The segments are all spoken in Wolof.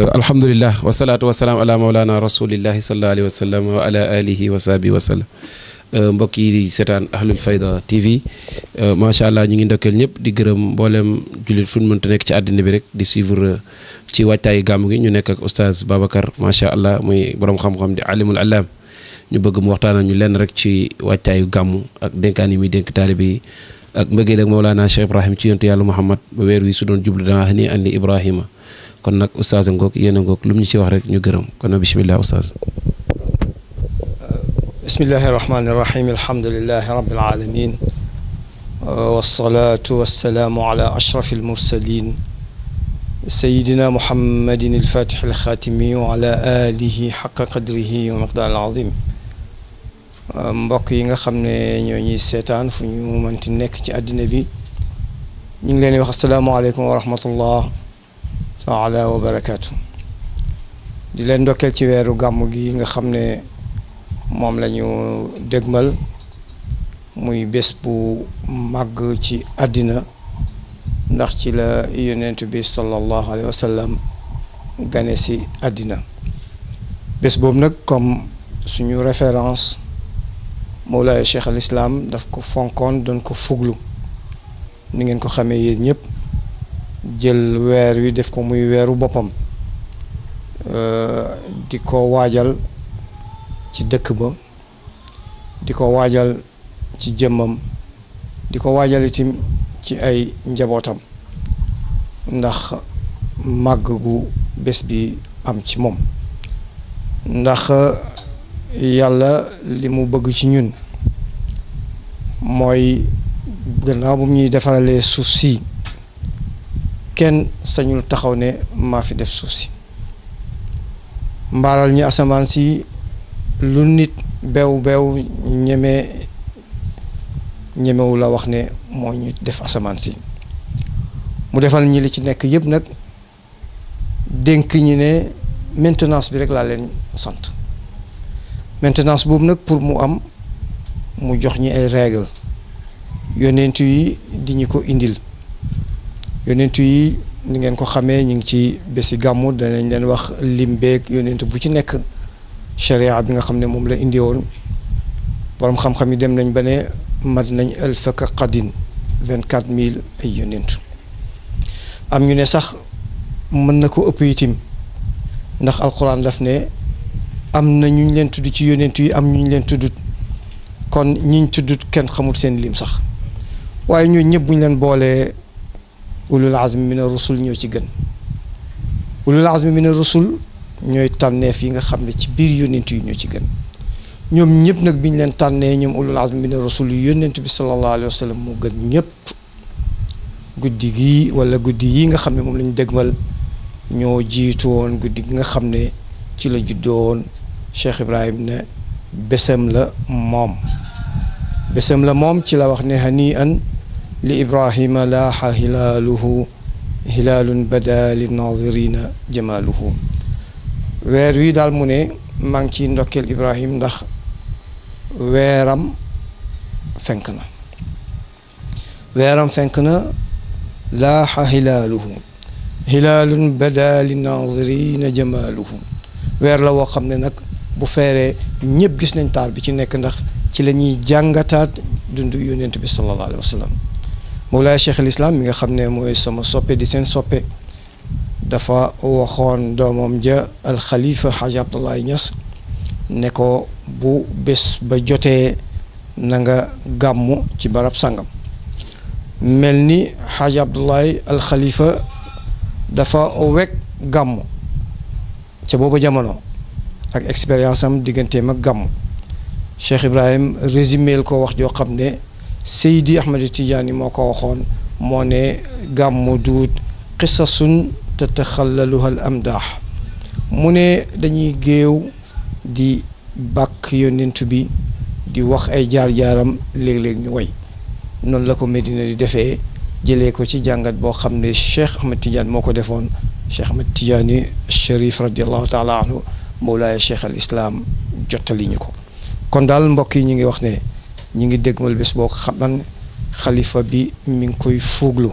Euh, alhamdulilah wasalaatu wasalaam ala maulana rasulillahi sallallahu alayhi wa sallam wa ala alihi wa sahbihi wa euh, mbokk yi di seetaan ahlul fayda tv euh, macha allah ñu ngi ndokkeel ñëpp di gërëm mboolem jullit fu ñu mënta nekk ci àddina bi rek di suivre ci waajtaayu gàmm gi ñu nekka ak oustaz Babacar macha allah muy borom xam-xam di alimul alam ñu bëgg mu waxtaanal ñu lenn rek ci waajtaayu gàmm ak dénkaan yi muy dénk taalibe yi ak mbëggeel ak maulana Cheikh Ibrahim ci yontu yàlla Muhammad ba weer wi doon jublu danga xam ni andi kon nak oustaz ngok yene ngok lum ñu ci wax rek ñu gërëm kon bismillah oustaz بسم الله الرحمن الرحيم الحمد لله رب العالمين والصلاة والسلام على أشرف المرسلين سيدنا محمد الفاتح الخاتمي وعلى آله حق قدره ومقدار العظيم مبقي خمني سيتان فنيو من تنك تأدي نبي السلام عليكم ورحمة الله taala wa barakaatu di leen ndokkeel ci weeru gàmm gi nga xam ne moom la ñu dégmal muy bés bu màgg ci àddina ndax ci la yonent bi sallallahu alayhi wa sallam gane si àddina bés boobu nag comme suñu référence Mawlaaya Cheikh al Islam daf ko fonkoon doon ko fuglu ni ngeen ko xamee yéen ñëpp jël weer wi def ko muy weeru boppam euh, di ko waajal ci dëkk ba di ko waajal ci jëmmam di ko waajal itam ci ay njabootam ndax màgg gu bés bi am ci moom ndax yàlla li mu bëgg ci ñun mooy gannaaw bu ñuy defaralee suuf si kenn sañul taxaw ne maa fi def suuf si mbaaral ñu asamaan si lu nit beew beew ñeme ñemewu la wax ne moo ñu def asamaan si mu defal ñi li ci nekk yëpp nag dénk ñi ne maintenance bi rek laa leen sant maintenance boobu nag pour mu am mu jox ñi ay règle yonent yi di ñu ko indil yonentu yi ni ngeen ko xamee ñu ngi ci bési gàmmu danañ leen wax lim beeg yonentu bu ci nekk sharia bi nga xam ne moom la indi woon borom xam-xam yi dem nañ ba ne mat nañ alfaka qadin vingt quatre mille ay yonentu am ñu ne sax mën na ko ëpp itim ndax al alquran daf ne am na ñu ñu leen tudd ci yonentu yi am ñu ñu leen tuddut kon ñiñ tuddut kenn xamul seen lim sax waaye ñooñu ñëpp ñu leen boolee. ulul azmi mina rusul ñoo ci gën ulul azmi mina rusul ñooy tànneef yi nga xam ne ci biir yónnent yi ñoo ci gën ñoom ñëpp nag bi ñu leen tànnee ñoom ulul azmi mina rusul yónnent bi sallallahu alayhi wa moo gën ñëpp guddi wala guddi yi nga xam ne moom lañu ñu ñoo jiitu woon guddi gi nga xam ne ci la juddoon Cheikh Ibrahim ne bésam la moom bésam la moom ci la wax ne hani an li ibrahima laaxa hilaaluhu hilaalun bada li naazirina weer wii daal mu ne maa ci ciy ndokkeel ibrahim ndax weeram fenk na weeram fenk na laaxa hilaaluhu hilaalun bada li naazirina weer la woo xam ne nag bu feeree ñépp gis nañ taar bi ci nekk ndax ci la ñuy jàngataat dund yonent bi sallallahu alayhi wa Mawlaay Cheikh al Islam mi nga xam ne mooy sama soppe di seen soppe dafa waxoon doomam ja alxalifa Xaaji Abdoulaye Niass ne ko bu bés ba jotee na nga gàmmu ci barab sangam mel ni Xaaji Abdoulaye alxalifa dafa wekk gàmmu ca booba jamono ak expérience am digganteem ak gàmmu Cheikh Ibrahim résumé ko wax joo xam ne Seydi Ahmad Tijaani moo ko waxoon moo ne gàmmu duut qisasun tataxallaluha am amdaax mu ne dañuy géew di bàkk yonent bi di wax ay jaar-jaaram léeg-léeg ñu way noonu la ko Medina di defee jëlee ko ci jàngat boo xam ne Cheikh Ahmad Tidiane moo ko defoon Cheikh Ahmad Tidiane Cherif radiallahu taala anhu Mawlaaya Cheikh al Islam jottali ñu ko kon daal mbokk yi ñu ngi wax ne ñu ngi dégmal bés boo xam xalifa bi mu ngi koy fuuglu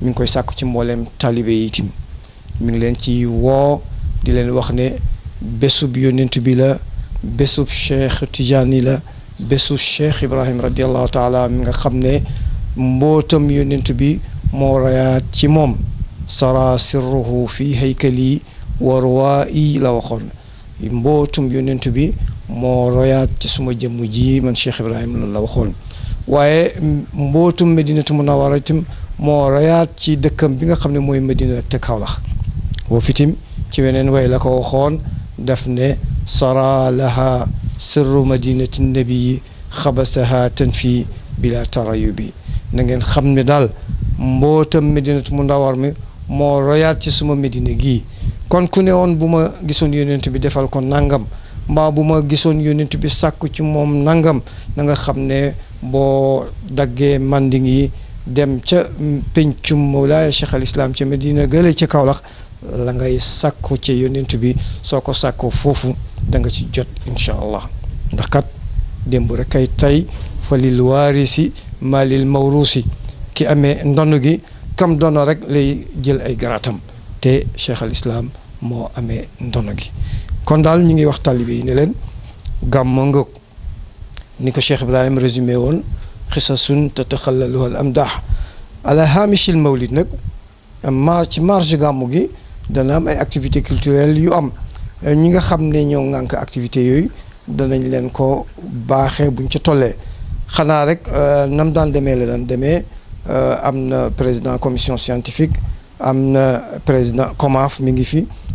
mi ngi koy sàkk ci mbooleem taalibe yi itam mi ngi leen ci woo di leen wax ne bésub yónnent bi la bésub cheikh Tijaani la bésu cheikh Ibrahim radiallahu taala mi nga xam ne mbootam yónnent bi moo rayaat ci moom sara sirruhu fi haykali wa ruwaayi la waxoon mbootum yónnent bi moo royaat ci suma jëmm ji man Cheikh Ibrahima loolu la waxoon waaye mbootum Madinatu Munawwara itam moo royaat ci dëkkam bi nga xam ne mooy Madina nag te Kaolack woo fitim ci weneen way la ko waxoon daf ne sara laha sirru madinati nabii xabasaha tan fii bila tarayubi na ngeen xam ne daal mbootam Madinatu Munawwara mi moo royaat ci suma Madina gi kon ku ne woon bu ma gisoon yonent bi defal ko nangam mbaa bu ma gisoon yonent bi sàkku ci moom nangam na nga xam ne boo daggee manding yi dem ca pencum Mawlaaya Cheikh al Islam ca Medina gële ca kawlax la ngay sàkku ci yonent bi soo ko sàkkoo foofu danga ci jot incha allah ndax kat démb rek kay tey fa lil waarisi maa lil mawruusi ki amee ndono gi kam dono rek lay jël ay garaatam te Cheikh al moo amee ndono gi kon dal ñi ngi wax taalibe yi ne leen gàmmu ngoog ni ko Cheikh Ibrahim résumé won xisasun tataxallaluha al amdah ala hamish al mawlid nak am march marge gamu gi dana am ay activités culturelles yu am ñi nga xamne ñoo ngank activités yooyu danañ len ko baxé buñ ci tollé xana rek nam daan démé la daan démé amna président commission scientifique amna président COMAF mi ngi fi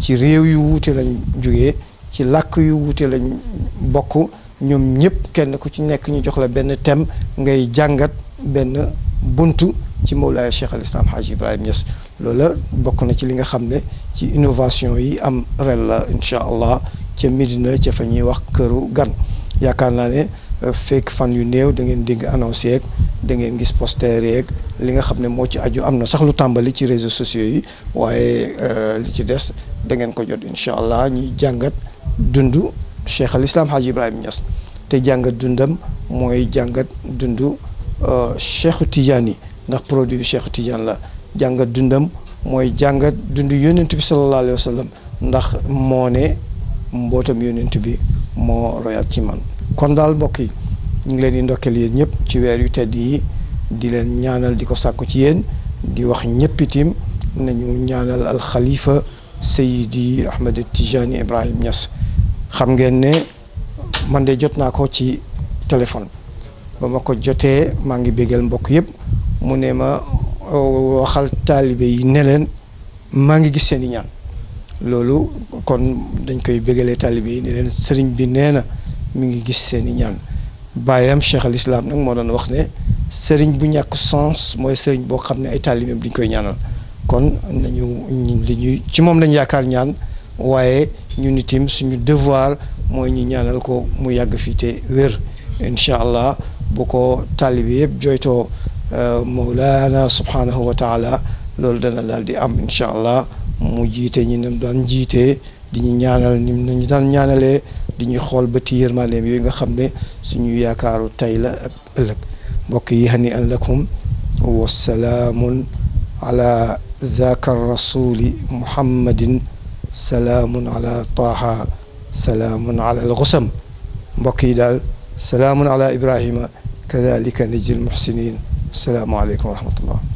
ci réew yu wuute lañ jugee ci làkk yu wuute lañ bokk ñoom ñëpp kenn ku ci nekk ñu jox la benn thème ngay jàngat benn bunt ci Mawlaaya Cheikh al Islam Haji Ibrahima loola bokk na ci li nga xam ne ci innovation yi am ren la incha allah ca Medina ca fa ñuy wax këru gan. yaakaar naa ne eh, fake fan yu new da ngeen dégg annoncer ak da ngeen gis poster ak li nga xam mo ci aju amna sax lu tambali ci réseaux sociaux yi waaye eh, li ci dess da ngeen ko jot inshallah ñi jangat dundu cheikh al islam Haji ibrahim nias te jangat dundam moy jangat dundu eh, cheikh Tidiane nak ndax produit cheikh Tidiane la jangat dundam moy jangat dundu Yunus bi sallallahu Alaihi Wasallam, nak ndax moone mbootam yonent bi moo royaat ci man kon daal mbokk yi ñu ngi leen di ndokkeel yéen ñëpp ci weer yu tedd yi di leen ñaanal di ko sàkku ci yéen di wax ñépp itam nañu ñaanal alxalifa Seydi Ahmed Tijani Ibrahim ñas xam ngeen ne man de jot naa ko ci téléphone ba ma ko jotee maa ngi bégal mbokk yëpp mu ne ma oh, waxal taalibe yi ne leen maa ngi gis seen i ñaan loolu kon dañ koy bégalee taalibe yi ne leen sëriñ bi nee na mi ngi gis seen i ñaan baayam cheikh al islam nag moo doon wax ne sëriñ bu ñàkk sens mooy sëriñ boo xam ne ay taalibeem dañ koy ñaanal kon nañu li ñuy ci moom lañ yaakaar ñaan waaye ñun itam suñu devoir mooy ñu ñaanal ko mu yàgg fii te wér incha allah bu ko taalibe yëpp jooytoo euh, mawlaana subhanahu wa taala loolu dana daal di am incha allah mu jité ñi nam daan jité di ñi ñaanal ni ñu daan ñaanalé di ñi xol ba ti leem yi nga xamné suñu yaakaaru tay la ak ëlëk mbokk yi hani an lakum wa salaamun ala zaaka rasuli muhammadin salaamun ala taaha salaamun ala al-ghusam mbokk yi daal salaamun ala ibrahima kadalika najil muxsinin السلام عليكم ورحمه الله